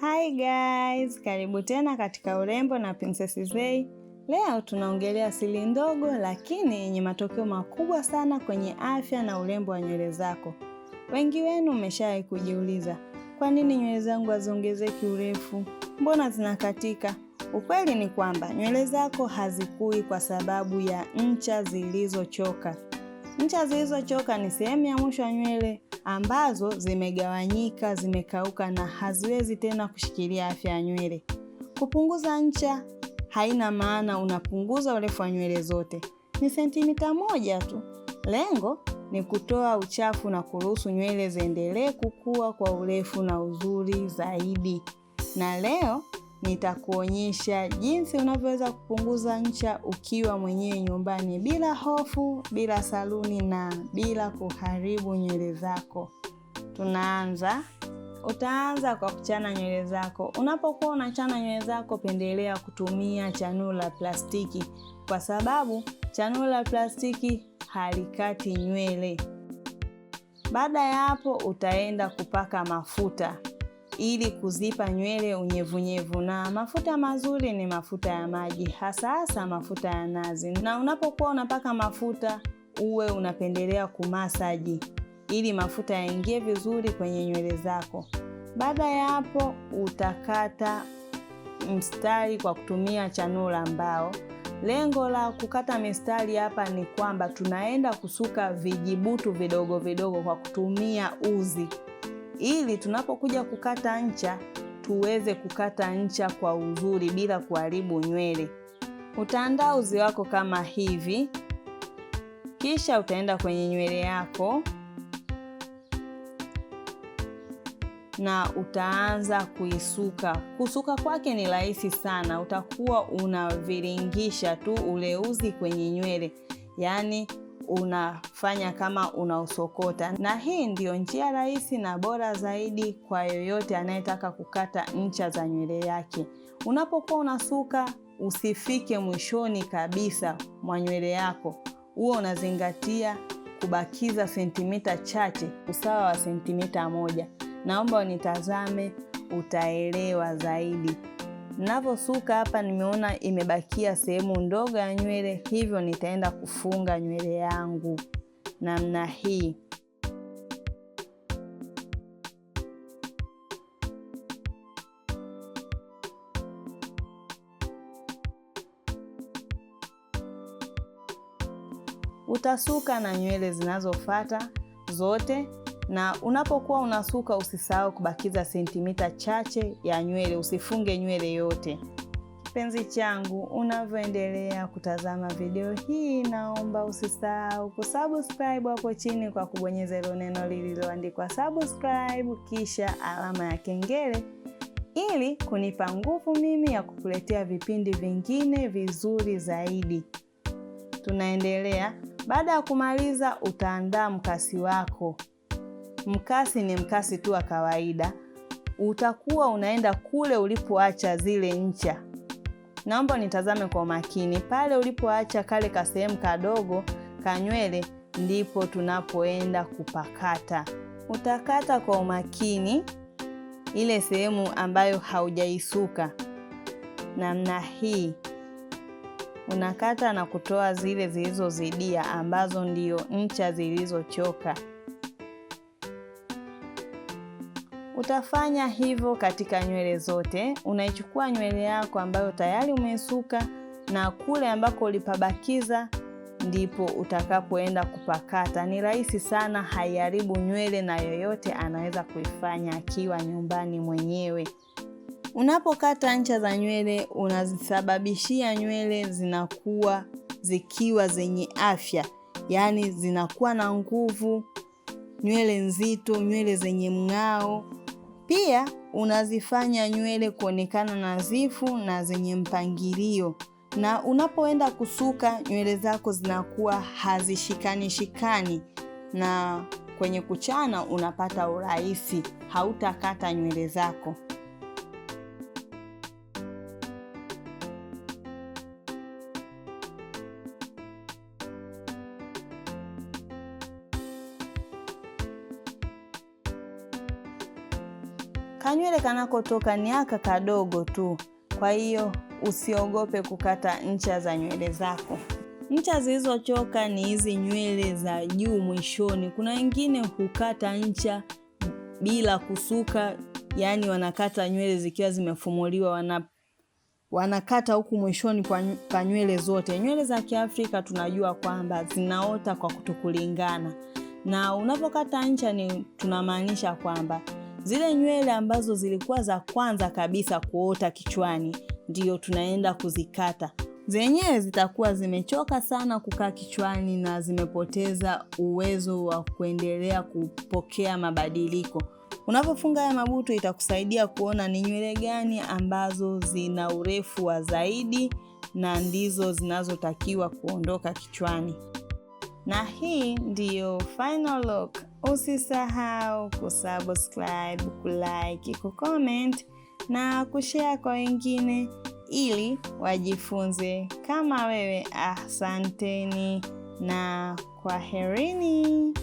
Hi guys, karibu tena katika Urembo na Princess Zey. Leo tunaongelea siri ndogo lakini yenye matokeo makubwa sana kwenye afya na urembo wa nywele zako. Wengi wenu mmeshawahi kujiuliza, kwa nini nywele zangu haziongezeki urefu? Mbona zinakatika? Ukweli ni kwamba nywele zako hazikui kwa sababu ya ncha zilizochoka. Ncha zilizochoka ni sehemu ya mwisho wa nywele ambazo zimegawanyika, zimekauka na haziwezi tena kushikilia afya ya nywele. Kupunguza ncha haina maana unapunguza urefu wa nywele zote, ni sentimita moja tu. Lengo ni kutoa uchafu na kuruhusu nywele ziendelee kukua kwa urefu na uzuri zaidi. Na leo nitakuonyesha jinsi unavyoweza kupunguza ncha ukiwa mwenyewe nyumbani bila hofu, bila saluni na bila kuharibu nywele zako. Tunaanza. Utaanza kwa kuchana nywele zako. Unapokuwa unachana nywele zako, pendelea kutumia chanuo la plastiki, kwa sababu chanuo la plastiki halikati nywele. Baada ya hapo, utaenda kupaka mafuta ili kuzipa nywele unyevunyevu. Na mafuta mazuri ni mafuta ya maji, hasa hasa mafuta ya nazi. Na unapokuwa unapaka mafuta, uwe unapendelea kumasaji ili mafuta yaingie vizuri kwenye nywele zako. Baada ya hapo, utakata mstari kwa kutumia chanula mbao. Lengo la kukata mistari hapa ni kwamba tunaenda kusuka vijibutu vidogo vidogo kwa kutumia uzi ili tunapokuja kukata ncha tuweze kukata ncha kwa uzuri bila kuharibu nywele. Utaandaa uzi wako kama hivi, kisha utaenda kwenye nywele yako na utaanza kuisuka. Kusuka kwake ni rahisi sana, utakuwa unaviringisha tu ule uzi kwenye nywele, yaani unafanya kama unaosokota, na hii ndiyo njia rahisi na bora zaidi kwa yoyote anayetaka kukata ncha za nywele yake. Unapokuwa unasuka, usifike mwishoni kabisa mwa nywele yako, huwa unazingatia kubakiza sentimita chache, usawa wa sentimita moja. Naomba unitazame, utaelewa zaidi. Navyosuka hapa nimeona imebakia sehemu ndogo ya nywele, hivyo nitaenda kufunga nywele yangu namna hii. Utasuka na nywele zinazofuata zote na unapokuwa unasuka usisahau kubakiza sentimita chache ya nywele, usifunge nywele yote. Kipenzi changu, unavyoendelea kutazama video hii, naomba usisahau kusubscribe hapo chini kwa kubonyeza hilo neno lililoandikwa subscribe, kisha alama ya kengele ili kunipa nguvu mimi ya kukuletea vipindi vingine vizuri zaidi. Tunaendelea. Baada ya kumaliza, utaandaa mkasi wako mkasi ni mkasi tu wa kawaida, utakuwa unaenda kule ulipoacha zile ncha. Naomba nitazame kwa makini pale ulipoacha kale ka sehemu kadogo kanywele, ndipo tunapoenda kupakata. Utakata kwa umakini ile sehemu ambayo haujaisuka namna hii, unakata na kutoa zile zilizozidia ambazo ndio ncha zilizochoka. Utafanya hivyo katika nywele zote. Unaichukua nywele yako ambayo tayari umesuka na kule ambako ulipabakiza ndipo utakapoenda kupakata. Ni rahisi sana, haiharibu nywele na yoyote anaweza kuifanya akiwa nyumbani mwenyewe. Unapokata ncha za nywele, unazisababishia nywele zinakuwa zikiwa zenye afya, yaani zinakuwa na nguvu, nywele nzito, nywele zenye mng'ao. Pia unazifanya nywele kuonekana nadhifu na zenye mpangilio, na unapoenda kusuka nywele zako zinakuwa hazishikani shikani, na kwenye kuchana unapata urahisi, hautakata nywele zako. Kanywele kanakotoka ni aka kadogo tu, kwa hiyo usiogope kukata ncha za nywele zako. Ncha zilizochoka ni hizi nywele za juu mwishoni. Kuna wengine hukata ncha bila kusuka, yaani wanakata nywele zikiwa zimefumuliwa, wana wanakata huku mwishoni kwa nywele zote. Nywele za Kiafrika tunajua kwamba zinaota kwa kutokulingana, na unapokata ncha ni tunamaanisha kwamba Zile nywele ambazo zilikuwa za kwanza kabisa kuota kichwani ndio tunaenda kuzikata. Zenyewe zitakuwa zimechoka sana kukaa kichwani na zimepoteza uwezo wa kuendelea kupokea mabadiliko. Unapofunga haya mabuto itakusaidia kuona ni nywele gani ambazo zina urefu wa zaidi na ndizo zinazotakiwa kuondoka kichwani na hii ndiyo final look. Usisahau kusubscribe, kulike, kucomment na kushare kwa wengine ili wajifunze kama wewe. Asanteni na kwaherini.